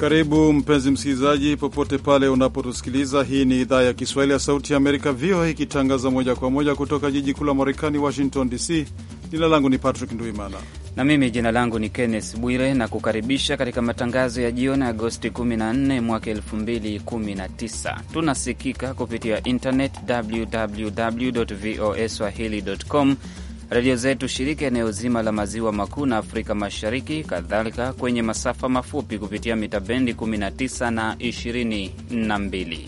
Karibu mpenzi msikilizaji, popote pale unapotusikiliza. Hii ni idhaa ya Kiswahili ya Sauti ya Amerika, VOA, ikitangaza moja kwa moja kutoka jiji kuu la Marekani, Washington DC. Jina langu ni Patrick Nduimana na mimi jina langu ni Kenneth Bwire, na kukaribisha katika matangazo ya jioni Agosti 14 mwaka 2019. Tunasikika kupitia internet www voa swahili.com redio zetu shirika eneo zima la maziwa makuu na Afrika Mashariki, kadhalika kwenye masafa mafupi kupitia mita bendi 19 na 22.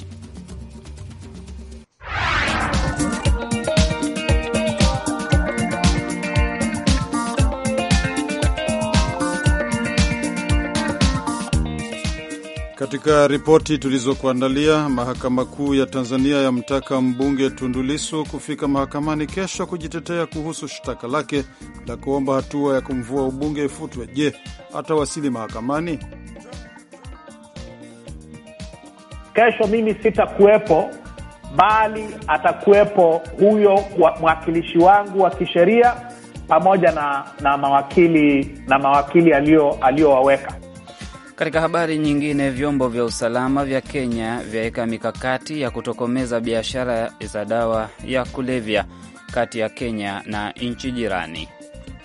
Katika ripoti tulizokuandalia, mahakama kuu ya Tanzania yamtaka mbunge Tundulisu kufika mahakamani kesho kujitetea kuhusu shtaka lake la kuomba hatua ya kumvua ubunge ifutwe. Je, atawasili mahakamani kesho? Mimi sitakuwepo, bali atakuwepo huyo mwakilishi wangu wa kisheria pamoja na, na mawakili na mawakili aliyowaweka katika habari nyingine, vyombo vya usalama vya Kenya vyaweka mikakati ya kutokomeza biashara za dawa ya kulevya kati ya Kenya na nchi jirani.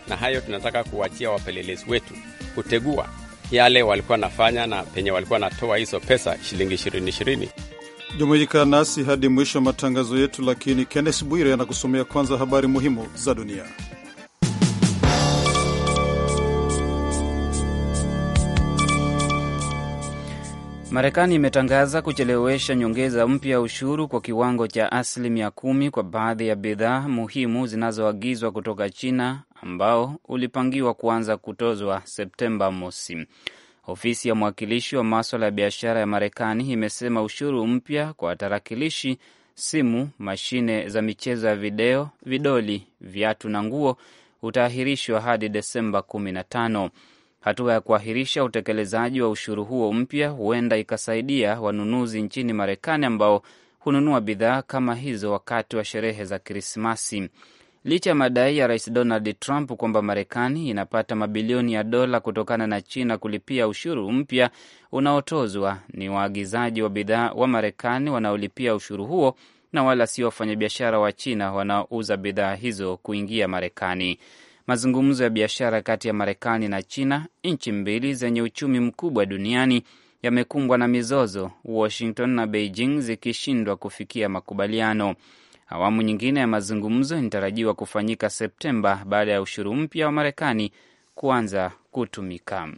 Na hayo tunataka kuwachia wapelelezi wetu kutegua yale walikuwa wanafanya na penye walikuwa wanatoa hizo pesa shilingi ishirini ishirini. Jumuika nasi hadi mwisho wa matangazo yetu, lakini Kennes Bwire anakusomea kwanza habari muhimu za dunia. Marekani imetangaza kuchelewesha nyongeza mpya ya ushuru kwa kiwango cha asilimia kumi kwa baadhi ya bidhaa muhimu zinazoagizwa kutoka China ambao ulipangiwa kuanza kutozwa Septemba mosi. Ofisi ya mwakilishi wa maswala ya biashara ya Marekani imesema ushuru mpya kwa tarakilishi, simu, mashine za michezo ya video, vidoli, viatu na nguo utaahirishwa hadi Desemba na tano Hatua ya kuahirisha utekelezaji wa ushuru huo mpya huenda ikasaidia wanunuzi nchini Marekani ambao hununua bidhaa kama hizo wakati wa sherehe za Krismasi. Licha ya madai ya Rais Donald Trump kwamba Marekani inapata mabilioni ya dola kutokana na China kulipia ushuru mpya unaotozwa, ni waagizaji wa bidhaa wa Marekani wanaolipia ushuru huo na wala sio wafanyabiashara wa China wanaouza bidhaa hizo kuingia Marekani mazungumzo ya biashara kati ya Marekani na China, nchi mbili zenye uchumi mkubwa duniani, yamekumbwa na mizozo, Washington na Beijing zikishindwa kufikia makubaliano. Awamu nyingine ya mazungumzo inatarajiwa kufanyika Septemba baada ya ushuru mpya wa Marekani kuanza kutumika.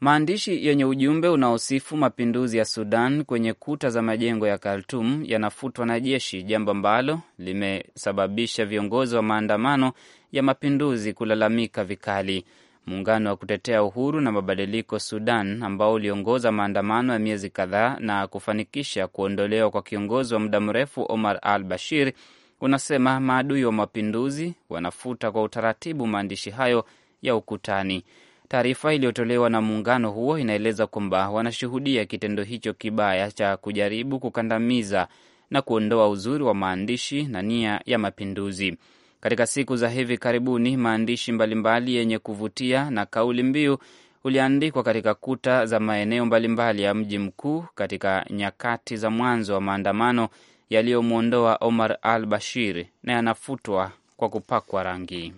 Maandishi yenye ujumbe unaosifu mapinduzi ya Sudan kwenye kuta za majengo ya Khartum yanafutwa na jeshi, jambo ambalo limesababisha viongozi wa maandamano ya mapinduzi kulalamika vikali. Muungano wa kutetea uhuru na mabadiliko Sudan, ambao uliongoza maandamano ya miezi kadhaa na kufanikisha kuondolewa kwa kiongozi wa muda mrefu Omar al Bashir, unasema maadui wa mapinduzi wanafuta kwa utaratibu maandishi hayo ya ukutani. Taarifa iliyotolewa na muungano huo inaeleza kwamba wanashuhudia kitendo hicho kibaya cha kujaribu kukandamiza na kuondoa uzuri wa maandishi na nia ya mapinduzi. Katika siku za hivi karibuni, maandishi mbalimbali yenye kuvutia na kauli mbiu uliandikwa katika kuta za maeneo mbalimbali ya mji mkuu katika nyakati za mwanzo wa maandamano yaliyomwondoa Omar al Bashir na yanafutwa kwa kupakwa rangi.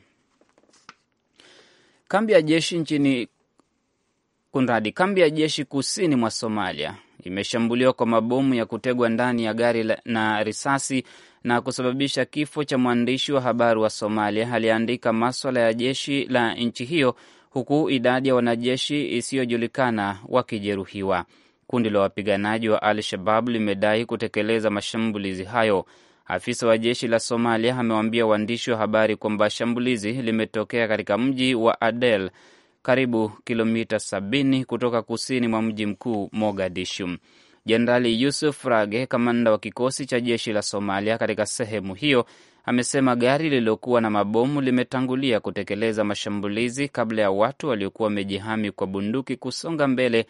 Kambi ya jeshi nchini kunradi, kambi ya jeshi kusini mwa Somalia imeshambuliwa kwa mabomu ya kutegwa ndani ya gari na risasi na kusababisha kifo cha mwandishi wa habari wa Somalia aliyeandika maswala ya jeshi la nchi hiyo, huku idadi ya wanajeshi isiyojulikana wakijeruhiwa. Kundi la wapiganaji wa Al Shabab limedai kutekeleza mashambulizi hayo. Afisa wa jeshi la Somalia amewaambia waandishi wa habari kwamba shambulizi limetokea katika mji wa Adel, karibu kilomita 70 kutoka kusini mwa mji mkuu Mogadishu. Jenerali Yusuf Rage, kamanda wa kikosi cha jeshi la Somalia katika sehemu hiyo, amesema gari lililokuwa na mabomu limetangulia kutekeleza mashambulizi kabla ya watu waliokuwa wamejihami kwa bunduki kusonga mbele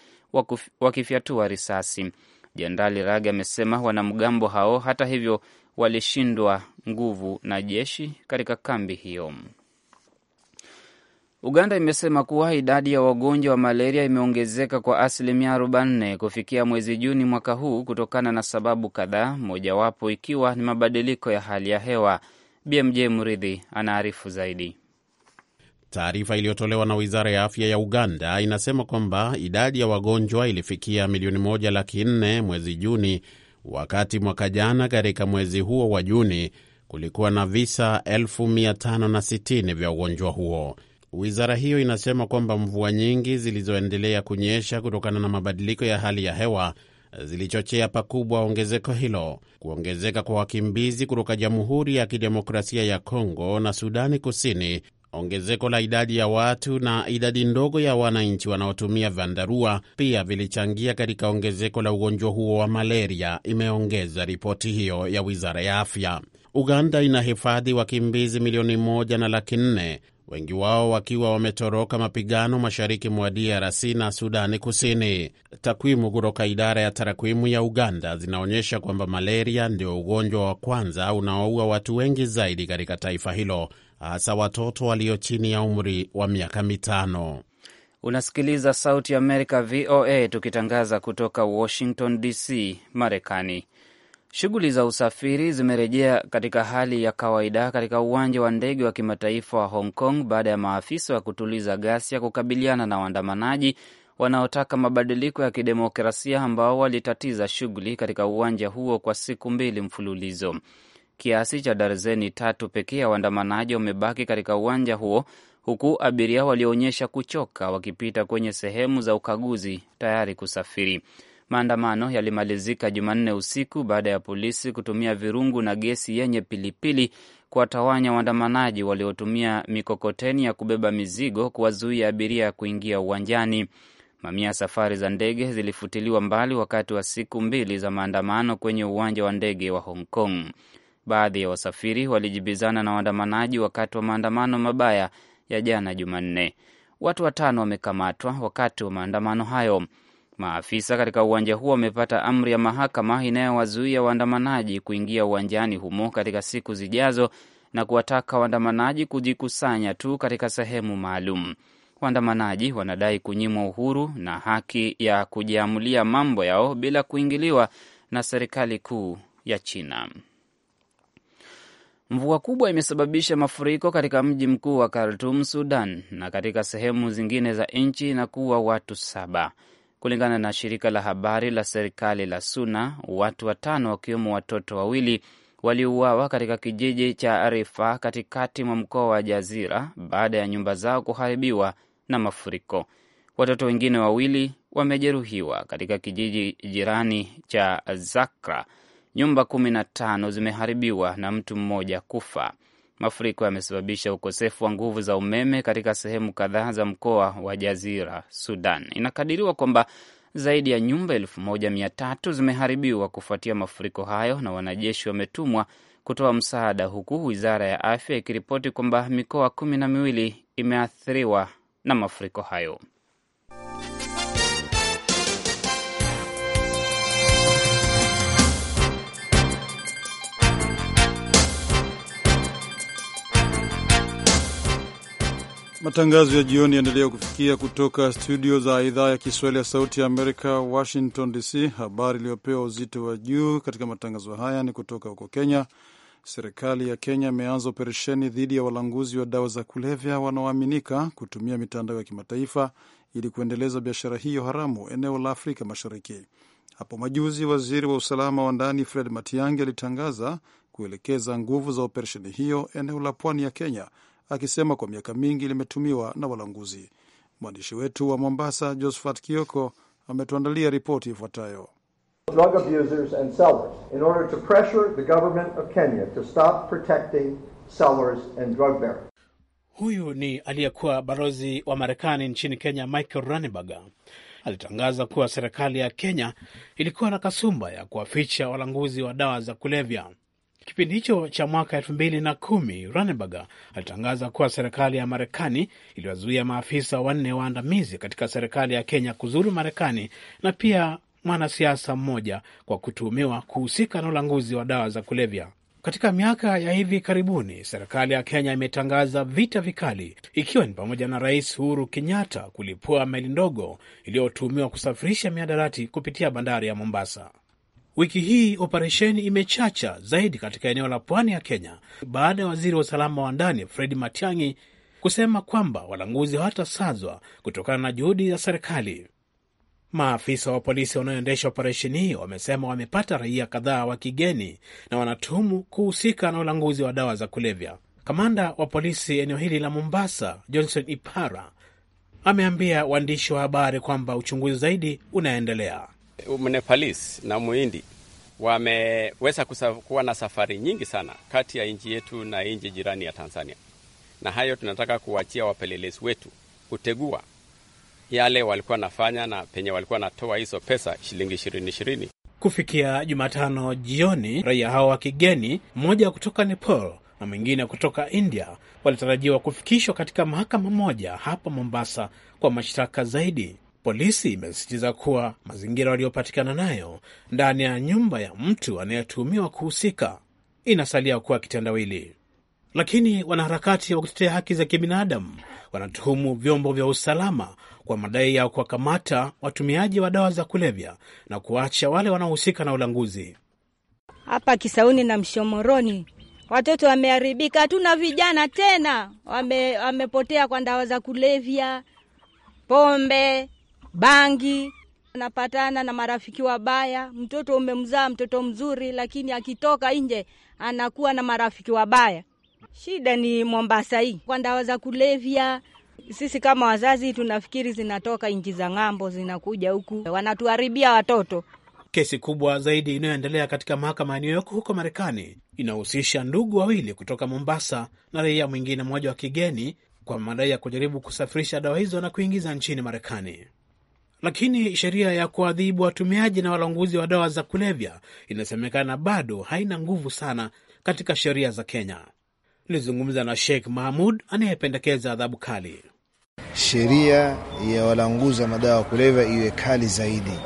wakifyatua risasi. Jenerali Rage amesema wanamgambo hao, hata hivyo, walishindwa nguvu na jeshi katika kambi hiyo. Uganda imesema kuwa idadi ya wagonjwa wa malaria imeongezeka kwa asilimia 40 kufikia mwezi Juni mwaka huu kutokana na sababu kadhaa, mojawapo ikiwa ni mabadiliko ya hali ya hewa. BMJ Mridhi anaarifu zaidi. Taarifa iliyotolewa na wizara ya afya ya Uganda inasema kwamba idadi ya wagonjwa ilifikia milioni moja laki nne mwezi Juni, wakati mwaka jana katika mwezi huo wa Juni kulikuwa na visa 560 vya ugonjwa huo. Wizara hiyo inasema kwamba mvua nyingi zilizoendelea kunyesha kutokana na mabadiliko ya hali ya hewa zilichochea pakubwa ongezeko hilo. Kuongezeka kwa wakimbizi kutoka Jamhuri ya Kidemokrasia ya Kongo na Sudani Kusini Ongezeko la idadi ya watu na idadi ndogo ya wananchi wanaotumia vyandarua pia vilichangia katika ongezeko la ugonjwa huo wa malaria, imeongeza ripoti hiyo ya wizara ya afya. Uganda ina hifadhi wakimbizi milioni moja na laki nne, wengi wao wakiwa wametoroka mapigano mashariki mwa DRC na Sudani Kusini. Takwimu kutoka idara ya tarakwimu ya Uganda zinaonyesha kwamba malaria ndio ugonjwa wa kwanza unaoua watu wengi zaidi katika taifa hilo hasa watoto walio chini ya umri wa miaka mitano. Unasikiliza Sauti Amerika, VOA, tukitangaza kutoka Washington DC, Marekani. Shughuli za usafiri zimerejea katika hali ya kawaida katika uwanja wa ndege wa kimataifa wa Hong Kong baada ya maafisa wa kutuliza ghasia kukabiliana na waandamanaji wanaotaka mabadiliko ya kidemokrasia ambao walitatiza shughuli katika uwanja huo kwa siku mbili mfululizo kiasi cha darzeni tatu pekee ya waandamanaji wamebaki katika uwanja huo, huku abiria walioonyesha kuchoka wakipita kwenye sehemu za ukaguzi tayari kusafiri. Maandamano yalimalizika Jumanne usiku baada ya polisi kutumia virungu na gesi yenye pilipili kuwatawanya waandamanaji waliotumia mikokoteni ya kubeba mizigo kuwazuia abiria kuingia uwanjani. Mamia ya safari za ndege zilifutiliwa mbali wakati wa siku mbili za maandamano kwenye uwanja wa ndege wa Hong Kong. Baadhi ya wasafiri walijibizana na waandamanaji wakati wa maandamano mabaya ya jana Jumanne. Watu watano wamekamatwa wakati wa maandamano hayo. Maafisa katika uwanja huo wamepata amri ya mahakama inayowazuia waandamanaji kuingia uwanjani humo katika siku zijazo na kuwataka waandamanaji kujikusanya tu katika sehemu maalum. Waandamanaji wanadai kunyimwa uhuru na haki ya kujiamulia mambo yao bila kuingiliwa na serikali kuu ya China. Mvua kubwa imesababisha mafuriko katika mji mkuu wa Khartum, Sudan, na katika sehemu zingine za nchi na kuwa watu saba, kulingana na shirika la habari la serikali la SUNA. Watu watano wakiwemo watoto wawili waliuawa katika kijiji cha Arifa katikati mwa mkoa wa Jazira baada ya nyumba zao kuharibiwa na mafuriko. Watoto wengine wawili wamejeruhiwa katika kijiji jirani cha Zakra nyumba kumi na tano zimeharibiwa na mtu mmoja kufa. Mafuriko yamesababisha ukosefu wa nguvu za umeme katika sehemu kadhaa za mkoa wa Jazira, Sudan. Inakadiriwa kwamba zaidi ya nyumba elfu moja mia tatu zimeharibiwa kufuatia mafuriko hayo, na wanajeshi wametumwa kutoa msaada, huku wizara ya afya ikiripoti kwamba mikoa kumi na miwili imeathiriwa na mafuriko hayo. Matangazo ya jioni yaendelea kufikia kutoka studio za idhaa ya Kiswahili ya Sauti ya Amerika, Washington DC. Habari iliyopewa uzito wa juu katika matangazo haya ni kutoka huko Kenya. Serikali ya Kenya imeanza operesheni dhidi ya walanguzi wa dawa za kulevya wanaoaminika kutumia mitandao ya kimataifa ili kuendeleza biashara hiyo haramu eneo la Afrika Mashariki. Hapo majuzi, waziri wa usalama wa ndani Fred Matiang'i alitangaza kuelekeza nguvu za operesheni hiyo eneo la pwani ya Kenya akisema kwa miaka mingi limetumiwa na walanguzi. Mwandishi wetu wa Mombasa, Josephat Kioko, ametuandalia ripoti ifuatayo. Huyu ni aliyekuwa balozi wa Marekani nchini Kenya, Michael Ranneberger. Alitangaza kuwa serikali ya Kenya ilikuwa na kasumba ya kuwaficha walanguzi wa dawa za kulevya. Kipindi hicho cha mwaka elfu mbili na kumi, Ranneberger alitangaza kuwa serikali ya Marekani iliwazuia maafisa wanne waandamizi katika serikali ya Kenya kuzuru Marekani na pia mwanasiasa mmoja kwa kutuhumiwa kuhusika na ulanguzi wa dawa za kulevya. Katika miaka ya hivi karibuni serikali ya Kenya imetangaza vita vikali, ikiwa ni pamoja na Rais Uhuru Kenyatta kulipua meli ndogo iliyotuhumiwa kusafirisha miadarati kupitia bandari ya Mombasa. Wiki hii operesheni imechacha zaidi katika eneo la pwani ya Kenya baada ya waziri wa usalama wa ndani Fred Matiang'i kusema kwamba walanguzi hawatasazwa kutokana na juhudi za serikali. Maafisa wa polisi wanaoendesha operesheni hiyo wamesema wamepata raia kadhaa wa kigeni na wanatuhumu kuhusika na ulanguzi wa dawa za kulevya. Kamanda wa polisi eneo hili la Mombasa, Johnson Ipara, ameambia waandishi wa habari kwamba uchunguzi zaidi unaendelea. Mnepalis na Muhindi wameweza kuwa na safari nyingi sana kati ya nchi yetu na nchi jirani ya Tanzania, na hayo tunataka kuwachia wapelelezi wetu kutegua yale walikuwa nafanya na penye walikuwa natoa hizo pesa shilingi ishirini ishirini. Kufikia Jumatano jioni, raia hao wa kigeni, mmoja kutoka Nepal na mwingine kutoka India, walitarajiwa kufikishwa katika mahakama moja hapa Mombasa kwa mashtaka zaidi. Polisi imesisitiza kuwa mazingira waliopatikana nayo ndani ya nyumba ya mtu anayetuhumiwa kuhusika inasalia kuwa kitendawili, lakini wanaharakati wa kutetea haki za kibinadamu wanatuhumu vyombo vya usalama kwa madai ya kuwakamata watumiaji wa dawa za kulevya na kuwaacha wale wanaohusika na ulanguzi. Hapa Kisauni na Mshomoroni watoto wameharibika, hatuna vijana tena, wamepotea wame kwa dawa za kulevya, pombe bangi, anapatana na marafiki wabaya. Mtoto umemzaa mtoto mzuri, lakini akitoka nje anakuwa na marafiki wabaya. Shida ni Mombasa hii kwa dawa za kulevya. Sisi kama wazazi tunafikiri zinatoka nchi za ng'ambo, zinakuja huku, wanatuharibia watoto. Kesi kubwa zaidi inayoendelea katika mahakama ya New York huko Marekani inahusisha ndugu wawili kutoka Mombasa na raia mwingine mmoja wa kigeni kwa madai ya kujaribu kusafirisha dawa hizo na kuingiza nchini Marekani. Lakini sheria ya kuadhibu watumiaji na walanguzi wa dawa za kulevya inasemekana bado haina nguvu sana katika sheria za Kenya. Nilizungumza na Sheikh Mahmud anayependekeza adhabu kali, sheria ya walanguzi wa madawa ya kulevya iwe kali zaidi,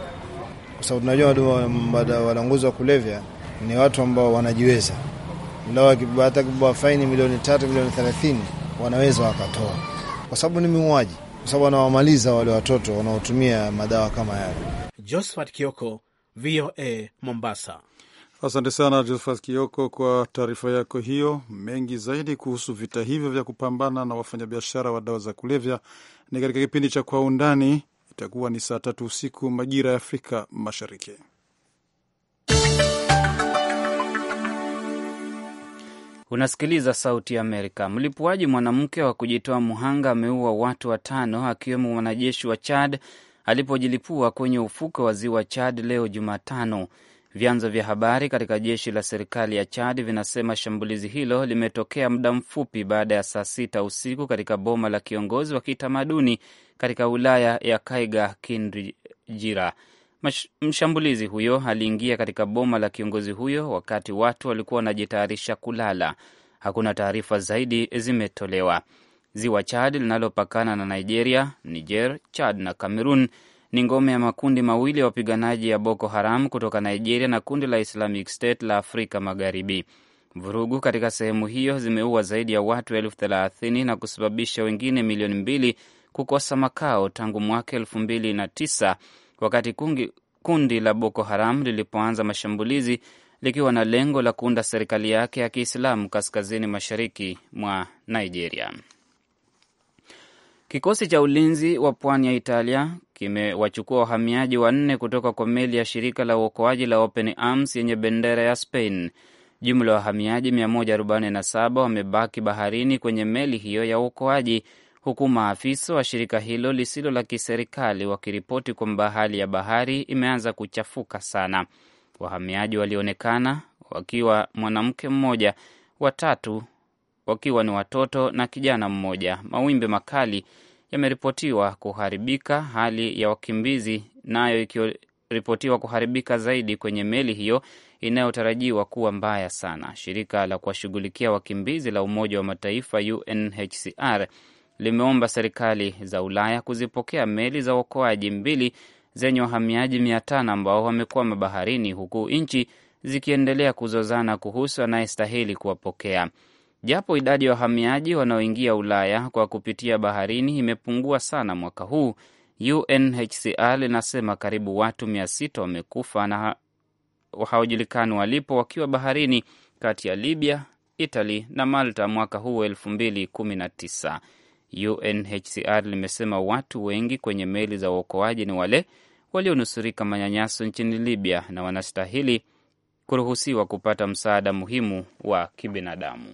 kwa sababu tunajua walanguzi wa kulevya ni watu ambao wanajiweza, hata kibwa faini milioni tatu, milioni thelathini, wanaweza wakatoa, kwa sababu ni muuaji kwa sababu wanawamaliza wale watoto wanaotumia madawa kama yale. Josephat Kioko, VOA Mombasa. Asante sana Josephat Kioko kwa taarifa yako hiyo. Mengi zaidi kuhusu vita hivyo vya kupambana na wafanyabiashara wa dawa za kulevya ni katika kipindi cha Kwa Undani. Itakuwa ni saa tatu usiku majira ya Afrika Mashariki. Unasikiliza Sauti ya Amerika. Mlipuaji mwanamke wa kujitoa muhanga ameua watu watano akiwemo mwanajeshi wa Chad alipojilipua kwenye ufuko wa ziwa Chad leo Jumatano. Vyanzo vya habari katika jeshi la serikali ya Chad vinasema shambulizi hilo limetokea muda mfupi baada ya saa sita usiku katika boma la kiongozi wa kitamaduni katika wilaya ya Kaiga kindrijira Mshambulizi huyo aliingia katika boma la kiongozi huyo wakati watu walikuwa wanajitayarisha kulala. Hakuna taarifa zaidi zimetolewa. Ziwa Chad linalopakana na Nigeria, Niger, Chad na Cameroon ni ngome ya makundi mawili ya wapiganaji ya Boko Haram kutoka Nigeria na kundi la Islamic State la Afrika Magharibi. Vurugu katika sehemu hiyo zimeua zaidi ya watu elfu thelathini na kusababisha wengine milioni mbili kukosa makao tangu mwaka elfu mbili na tisa wakati kungi, kundi la Boko Haram lilipoanza mashambulizi likiwa na lengo la kuunda serikali yake ya Kiislamu kaskazini mashariki mwa Nigeria. Kikosi cha ulinzi wa pwani ya Italia kimewachukua wahamiaji wanne kutoka kwa meli ya shirika la uokoaji la Open Arms yenye bendera ya Spain. Jumla ya wahamiaji 147 wamebaki baharini kwenye meli hiyo ya uokoaji huku maafisa wa shirika hilo lisilo la kiserikali wakiripoti kwamba hali ya bahari imeanza kuchafuka sana. Wahamiaji walionekana wakiwa mwanamke mmoja, watatu wakiwa ni watoto na kijana mmoja. Mawimbi makali yameripotiwa kuharibika, hali ya wakimbizi nayo ikiripotiwa kuharibika zaidi kwenye meli hiyo inayotarajiwa kuwa mbaya sana. Shirika la kuwashughulikia wakimbizi la Umoja wa Mataifa, UNHCR, limeomba serikali za Ulaya kuzipokea meli za uokoaji mbili zenye wahamiaji mia tano ambao wamekwama baharini, huku nchi zikiendelea kuzozana kuhusu anayestahili kuwapokea. Japo idadi ya wahamiaji wanaoingia Ulaya kwa kupitia baharini imepungua sana mwaka huu, UNHCR linasema karibu watu mia sita wamekufa na hawajulikani walipo wakiwa baharini kati ya Libya, Italy na Malta mwaka huu elfu mbili kumi na tisa. UNHCR limesema watu wengi kwenye meli za uokoaji ni wale walionusurika manyanyaso nchini Libya na wanastahili kuruhusiwa kupata msaada muhimu wa kibinadamu.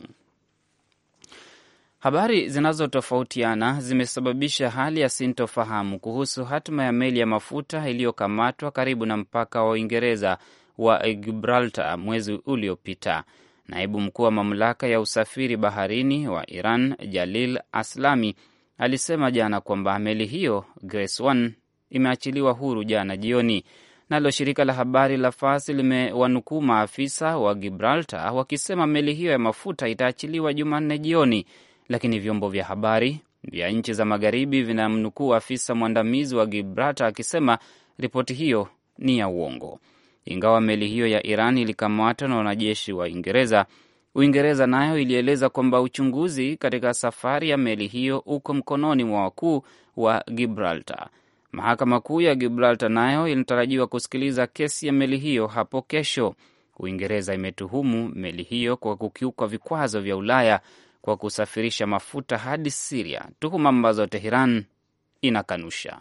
Habari zinazotofautiana zimesababisha hali ya sintofahamu kuhusu hatima ya meli ya mafuta iliyokamatwa karibu na mpaka wa Uingereza wa Gibraltar mwezi uliopita. Naibu mkuu wa mamlaka ya usafiri baharini wa Iran, Jalil Aslami, alisema jana kwamba meli hiyo Grace One imeachiliwa huru jana jioni. Nalo shirika la habari la Fars limewanukuu maafisa wa Gibraltar wakisema meli hiyo ya mafuta itaachiliwa Jumanne jioni, lakini vyombo vya habari vya nchi za magharibi vinamnukuu afisa mwandamizi wa Gibraltar akisema ripoti hiyo ni ya uongo. Ingawa meli hiyo ya Iran ilikamatwa na wanajeshi wa Uingereza, Uingereza nayo ilieleza kwamba uchunguzi katika safari ya meli hiyo uko mkononi mwa wakuu wa Gibraltar. Mahakama Kuu ya Gibraltar nayo inatarajiwa kusikiliza kesi ya meli hiyo hapo kesho. Uingereza imetuhumu meli hiyo kwa kukiuka vikwazo vya Ulaya kwa kusafirisha mafuta hadi Siria, tuhuma ambazo Teheran inakanusha.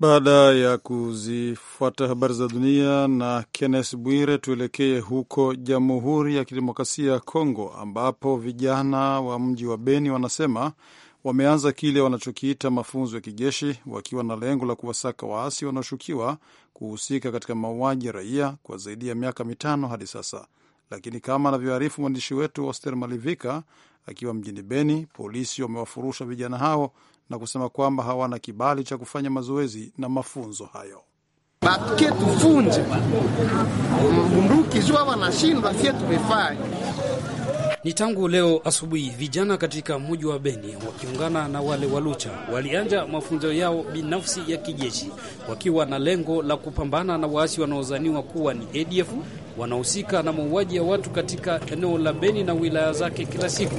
Baada ya kuzifuata habari za dunia na Kennes Bwire, tuelekee huko Jamhuri ya Kidemokrasia ya Kongo, ambapo vijana wa mji wa Beni wanasema wameanza kile wanachokiita mafunzo ya kijeshi, wakiwa na lengo la kuwasaka waasi wanaoshukiwa kuhusika katika mauaji ya raia kwa zaidi ya miaka mitano hadi sasa. Lakini kama anavyoarifu mwandishi wetu Oster Malivika akiwa mjini Beni, polisi wamewafurusha vijana hao na kusema kwamba hawana kibali cha kufanya mazoezi na mafunzo hayo. Batuke tufunje wanashindwa sie tumefanya. Ni tangu leo asubuhi vijana katika mji wa Beni wakiungana na wale wa Lucha walianja mafunzo yao binafsi ya kijeshi wakiwa na lengo la kupambana na waasi wanaozaniwa kuwa ni ADF wanaohusika na mauaji ya watu katika eneo la Beni na wilaya zake kila siku.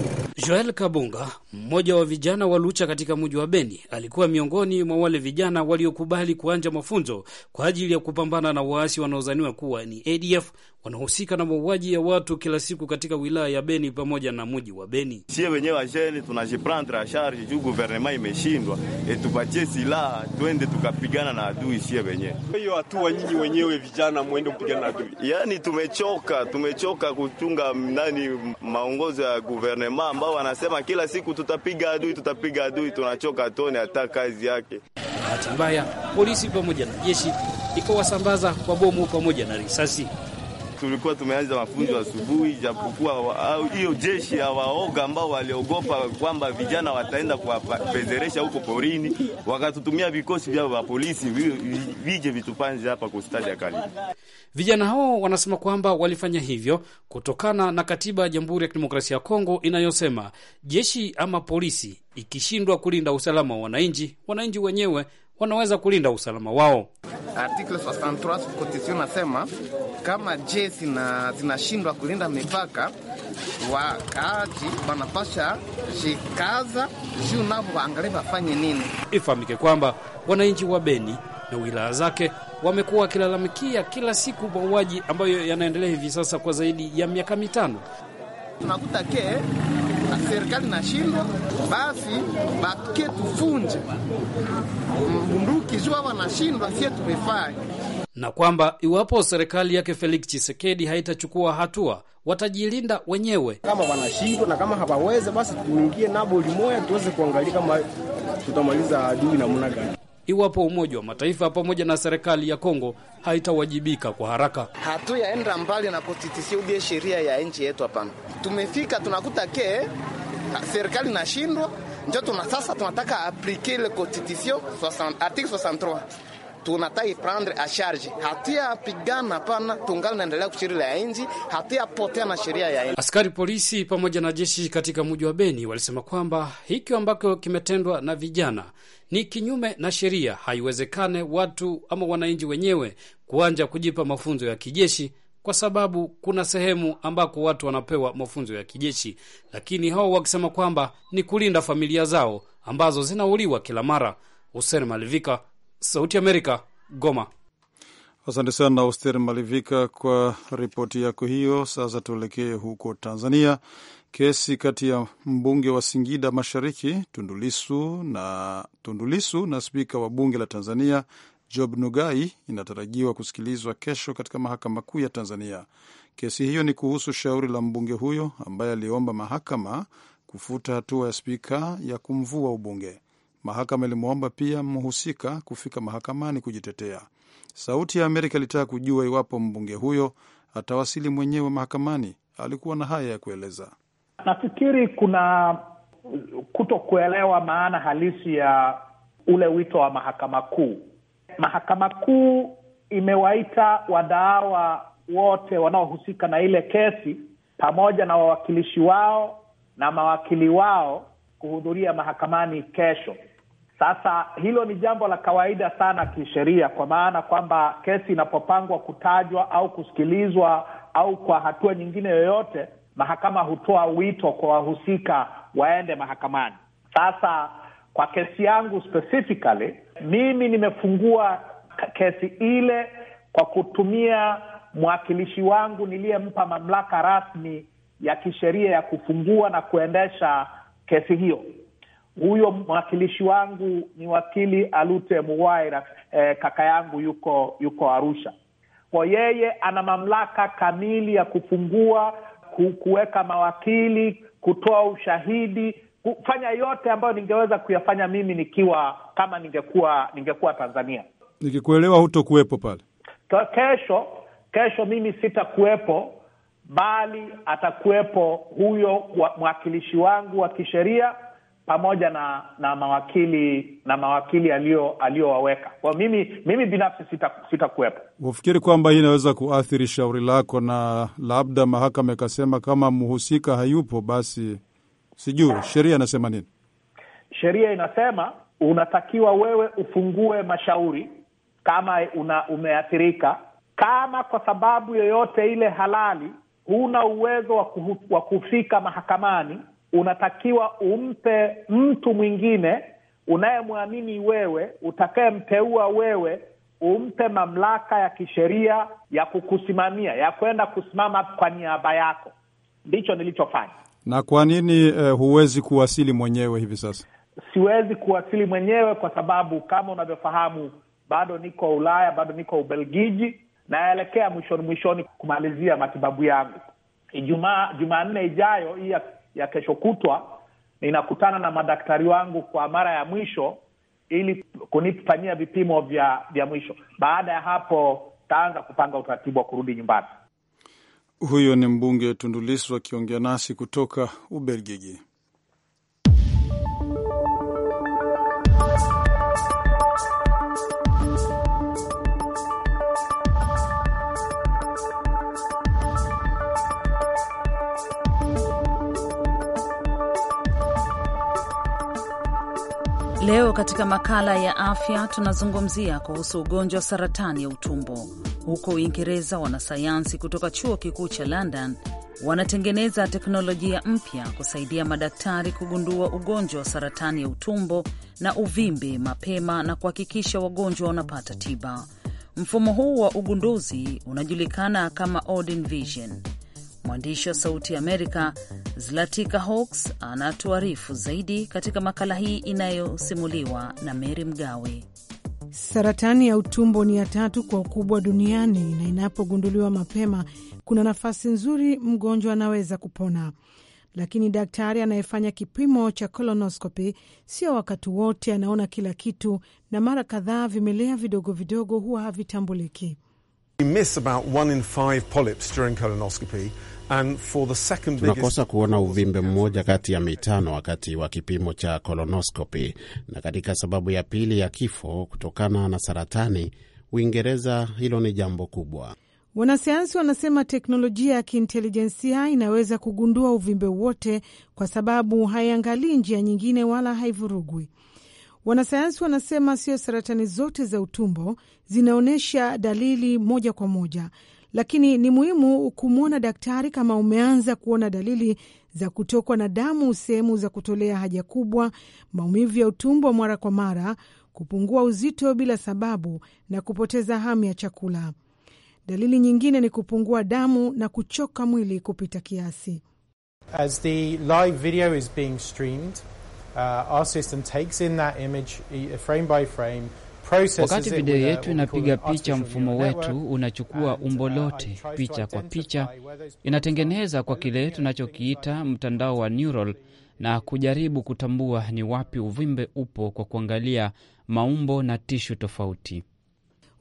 Joel Kabunga, mmoja wa vijana wa Lucha katika mji wa Beni, alikuwa miongoni mwa wale vijana waliokubali kuanja mafunzo kwa ajili ya kupambana na waasi wanaozaniwa kuwa ni ADF wanahusika na mauaji ya watu kila siku katika wilaya ya Beni pamoja na mji wa Beni. Sie wenyewe wajeni tunajiprendre a charge juu guvernema imeshindwa, etupatie silaha twende tukapigana na adui sie wenyewe. Hiyo hatua nyinyi wenyewe vijana mwende kupigana na adui, yani tumechoka, tumechoka kuchunga nani maongozo ya guvernema ambao wanasema kila siku tutapiga adui, tutapiga adui, tunachoka tone hata kazi yake. Bahati mbaya polisi pamoja na jeshi ikawasambaza kwa bomu pamoja na risasi tulikuwa tumeanza mafunzo asubuhi, japokuwa hiyo jeshi ya waoga ambao waliogopa kwamba vijana wataenda kuwapezeresha huko porini, wakatutumia vikosi vyao vya polisi vije vitupanze hapa kustadi ya Kali. Vijana hao wanasema kwamba walifanya hivyo kutokana na katiba ya Jamhuri ya Kidemokrasia ya Kongo inayosema jeshi ama polisi ikishindwa kulinda usalama wa wananchi, wananchi wenyewe wanaweza kulinda usalama wao. Artikle 63 kotisio nasema kama je zinashindwa kulinda mipaka, wakaaji wanapasha shikaza juu navo waangali wafanye nini. Ifahamike kwamba wananchi wa Beni na wilaya zake wamekuwa wakilalamikia kila siku mauaji ambayo yanaendelea hivi sasa kwa zaidi ya miaka mitano tunakuta ke serikali nashindwa, basi batuke tufunje bunduki juu awa nashindwa, sie tumefanya na kwamba iwapo serikali yake Felix Chisekedi haitachukua hatua watajilinda wenyewe. Kama wanashindwa na kama hawaweze, basi tuingie nabo limoya tuweze kuangalia kama tutamaliza adui namna gani iwapo Umoja wa Mataifa pamoja na serikali ya Kongo haitawajibika kwa haraka. Hatuyaenda mbali na konstitusion ubie sheria ya nchi yetu, hapana. Tumefika tunakuta ke serikali inashindwa, njo tuna sasa tunataka aplike le konstitusion article 63 tunatai prendre a charge, hatia pigana pana, tungali naendelea kushirila ya inji, hatia potea na sheria ya inji. Askari polisi pamoja na jeshi katika mji wa Beni walisema kwamba hiki ambako kimetendwa na vijana ni kinyume na sheria, haiwezekane watu ama wananchi wenyewe kuanja kujipa mafunzo ya kijeshi kwa sababu kuna sehemu ambako watu wanapewa mafunzo ya kijeshi, lakini hao wakisema kwamba ni kulinda familia zao ambazo zinauliwa kila mara. Hussein Malivika, Sauti Amerika, Goma. Asante sana oster Malivika kwa ripoti yako hiyo. Sasa tuelekee huko Tanzania. Kesi kati ya mbunge wa Singida Mashariki Tundulisu na, Tundulisu na spika wa bunge la Tanzania Job Nugai inatarajiwa kusikilizwa kesho katika mahakama kuu ya Tanzania. Kesi hiyo ni kuhusu shauri la mbunge huyo ambaye aliomba mahakama kufuta hatua ya spika ya kumvua ubunge. Mahakama ilimwomba pia mhusika kufika mahakamani kujitetea. Sauti ya Amerika ilitaka kujua iwapo mbunge huyo atawasili mwenyewe mahakamani. Alikuwa na haya ya kueleza. Nafikiri kuna kuto kuelewa maana halisi ya ule wito wa mahakama kuu. Mahakama kuu imewaita wadaawa wote wanaohusika na ile kesi pamoja na wawakilishi wao na mawakili wao kuhudhuria mahakamani kesho. Sasa hilo ni jambo la kawaida sana kisheria, kwa maana kwamba kesi inapopangwa kutajwa au kusikilizwa au kwa hatua nyingine yoyote, mahakama hutoa wito kwa wahusika waende mahakamani. Sasa kwa kesi yangu specifically, mimi nimefungua kesi ile kwa kutumia mwakilishi wangu niliyempa mamlaka rasmi ya kisheria ya kufungua na kuendesha kesi hiyo huyo mwakilishi wangu ni wakili Alute Muwaira, eh, kaka yangu yuko yuko Arusha. Kwa yeye ana mamlaka kamili ya kufungua, kuweka mawakili, kutoa ushahidi, kufanya yote ambayo ningeweza kuyafanya mimi nikiwa kama ningekuwa ningekuwa Tanzania. Nikikuelewa, hutokuwepo pale kesho. Kesho mimi sitakuwepo, bali atakuwepo huyo mwakilishi wangu wa kisheria pamoja na na mawakili na mawakili aliyowaweka. Kwa mimi mimi binafsi sitakuwepo. Sita hufikiri kwamba hii inaweza kuathiri shauri lako, na labda mahakama ikasema kama mhusika hayupo, basi sijui sheria inasema nini? Sheria inasema unatakiwa wewe ufungue mashauri kama una, umeathirika kama kwa sababu yoyote ile halali huna uwezo wa kufika mahakamani unatakiwa umpe mtu mwingine unayemwamini wewe, utakayemteua wewe, umpe mamlaka ya kisheria ya kukusimamia, ya kwenda kusimama kwa niaba yako. Ndicho nilichofanya. Na kwa nini eh, huwezi kuwasili mwenyewe hivi sasa? Siwezi kuwasili mwenyewe kwa sababu kama unavyofahamu, bado niko Ulaya, bado niko Ubelgiji, naelekea mwishoni mwishoni kumalizia matibabu yangu. Ijumaa, Jumanne ijayo hii ya ya kesho kutwa ninakutana na madaktari wangu kwa mara ya mwisho ili kunifanyia vipimo vya vya mwisho. Baada ya hapo, taanza kupanga utaratibu wa kurudi nyumbani. Huyo ni mbunge Tundulisu akiongea nasi kutoka Ubelgiji. Leo katika makala ya afya tunazungumzia kuhusu ugonjwa wa saratani ya utumbo. Huko Uingereza, wanasayansi kutoka chuo kikuu cha London wanatengeneza teknolojia mpya kusaidia madaktari kugundua ugonjwa wa saratani ya utumbo na uvimbe mapema na kuhakikisha wagonjwa wanapata tiba. Mfumo huu wa ugunduzi unajulikana kama Odin Vision. Mwandishi wa Sauti ya Amerika Zlatika Hawks anatuarifu zaidi katika makala hii inayosimuliwa na Meri Mgawe. Saratani ya utumbo ni ya tatu kwa ukubwa duniani na inapogunduliwa mapema, kuna nafasi nzuri mgonjwa anaweza kupona, lakini daktari anayefanya kipimo cha colonoscopy sio wakati wote anaona kila kitu, na mara kadhaa vimelea vidogo vidogo huwa havitambuliki. Tunakosa kuona uvimbe mmoja kati ya mitano wakati wa kipimo cha kolonoskopi Na katika sababu ya pili ya kifo kutokana na saratani Uingereza, hilo ni jambo kubwa. Wanasayansi wanasema teknolojia ya kiintelijensia inaweza kugundua uvimbe wote, kwa sababu haiangalii njia nyingine wala haivurugwi. Wanasayansi wanasema sio saratani zote za utumbo zinaonyesha dalili moja kwa moja, lakini ni muhimu kumwona daktari kama umeanza kuona dalili za kutokwa na damu sehemu za kutolea haja kubwa, maumivu ya utumbo mara kwa mara, kupungua uzito bila sababu na kupoteza hamu ya chakula. Dalili nyingine ni kupungua damu na kuchoka mwili kupita kiasi. As the live video is being streamed, Uh, our system takes in that image e, frame by frame. Wakati video yetu inapiga picha, mfumo wetu unachukua umbo uh, lote picha kwa picha, inatengeneza kwa kile tunachokiita mtandao wa neural na kujaribu kutambua ni wapi uvimbe upo kwa kuangalia maumbo na tishu tofauti.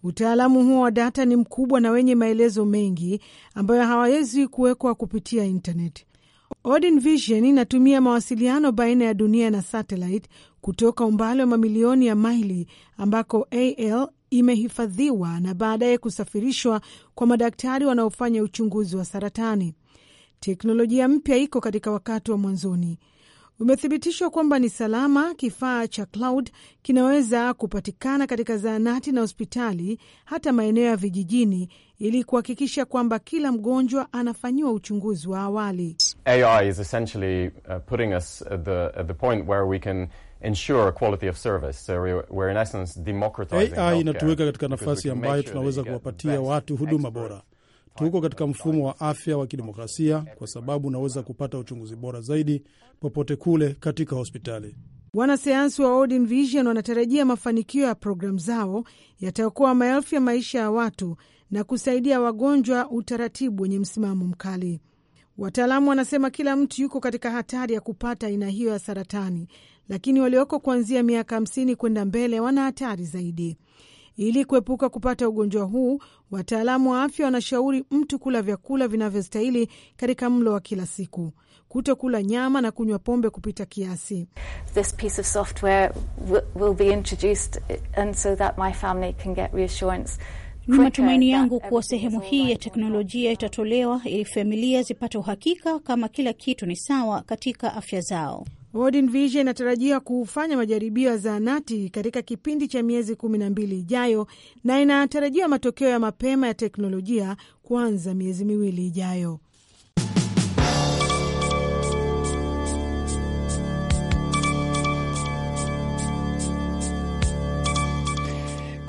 Utaalamu huo wa data ni mkubwa na wenye maelezo mengi ambayo hawawezi kuwekwa kupitia intaneti. Odin Vision inatumia mawasiliano baina ya dunia na satellite kutoka umbali wa mamilioni ya maili ambako AL imehifadhiwa na baadaye kusafirishwa kwa madaktari wanaofanya uchunguzi wa saratani. Teknolojia mpya iko katika wakati wa mwanzoni. Umethibitishwa kwamba ni salama. Kifaa cha cloud kinaweza kupatikana katika zahanati na hospitali, hata maeneo ya vijijini, ili kuhakikisha kwamba kila mgonjwa anafanyiwa uchunguzi wa awali. AI is essentially uh, putting us at the, at the point where we can ensure quality of service. So we're in essence democratizing AI inatuweka katika nafasi ambayo tunaweza kuwapatia watu huduma bora Tuko katika mfumo wa afya wa kidemokrasia, kwa sababu unaweza kupata uchunguzi bora zaidi popote kule katika hospitali. Wanasayansi wa Odin Vision wanatarajia mafanikio ya programu zao yataokoa maelfu ya maisha ya watu na kusaidia wagonjwa utaratibu wenye msimamo mkali. Wataalamu wanasema kila mtu yuko katika hatari ya kupata aina hiyo ya saratani, lakini walioko kuanzia miaka 50 kwenda mbele wana hatari zaidi. Ili kuepuka kupata ugonjwa huu, wataalamu wa afya wanashauri mtu kula vyakula vinavyostahili katika mlo wa kila siku, kuto kula nyama na kunywa pombe kupita kiasi. Ni matumaini yangu kuwa sehemu hii ya teknolojia itatolewa ili familia zipate uhakika kama kila kitu ni sawa katika afya zao. World Vision inatarajia kufanya majaribio ya zahanati katika kipindi cha miezi kumi na mbili ijayo na inatarajiwa matokeo ya mapema ya teknolojia kuanza miezi miwili ijayo.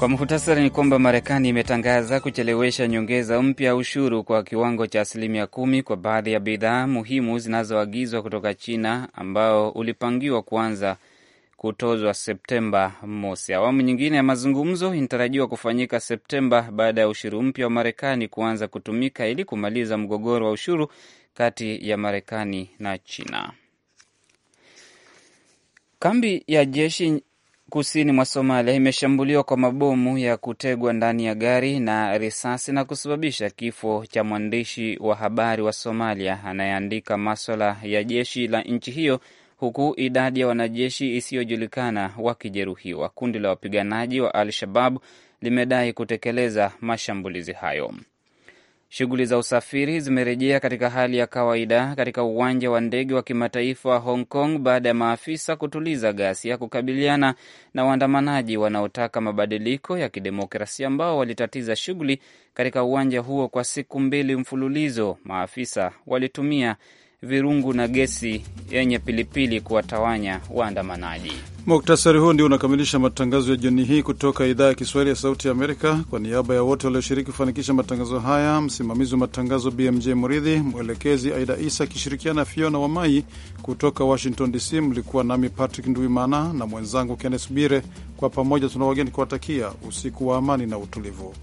Kwa muhtasari ni kwamba Marekani imetangaza kuchelewesha nyongeza mpya ya ushuru kwa kiwango cha asilimia kumi kwa baadhi ya bidhaa muhimu zinazoagizwa kutoka China ambao ulipangiwa kuanza kutozwa Septemba mosi. Awamu nyingine ya mazungumzo inatarajiwa kufanyika Septemba baada ya ushuru mpya wa Marekani kuanza kutumika ili kumaliza mgogoro wa ushuru kati ya Marekani na China. Kambi ya jeshi kusini mwa Somalia imeshambuliwa kwa mabomu ya kutegwa ndani ya gari na risasi na kusababisha kifo cha mwandishi wa habari wa Somalia anayeandika maswala ya jeshi la nchi hiyo huku idadi ya wanajeshi isiyojulikana wakijeruhiwa. Kundi la wapiganaji wa Al shababu limedai kutekeleza mashambulizi hayo. Shughuli za usafiri zimerejea katika hali ya kawaida katika uwanja wa ndege wa kimataifa wa Hong Kong baada ya maafisa kutuliza ghasia kukabiliana na waandamanaji wanaotaka mabadiliko ya kidemokrasia ambao walitatiza shughuli katika uwanja huo kwa siku mbili mfululizo. Maafisa walitumia virungu na gesi yenye pilipili kuwatawanya waandamanaji. Muktasari huu ndio unakamilisha matangazo ya jioni hii kutoka idhaa ya Kiswahili ya Sauti ya Amerika. Kwa niaba ya wote walioshiriki kufanikisha matangazo haya, msimamizi wa matangazo BMJ Muridhi, mwelekezi Aida Isa akishirikiana Fiona Wamai kutoka Washington DC. Mlikuwa nami Patrick Ndwimana na mwenzangu Kennes bire kwa pamoja tuna wageni kuwatakia usiku wa amani na utulivu.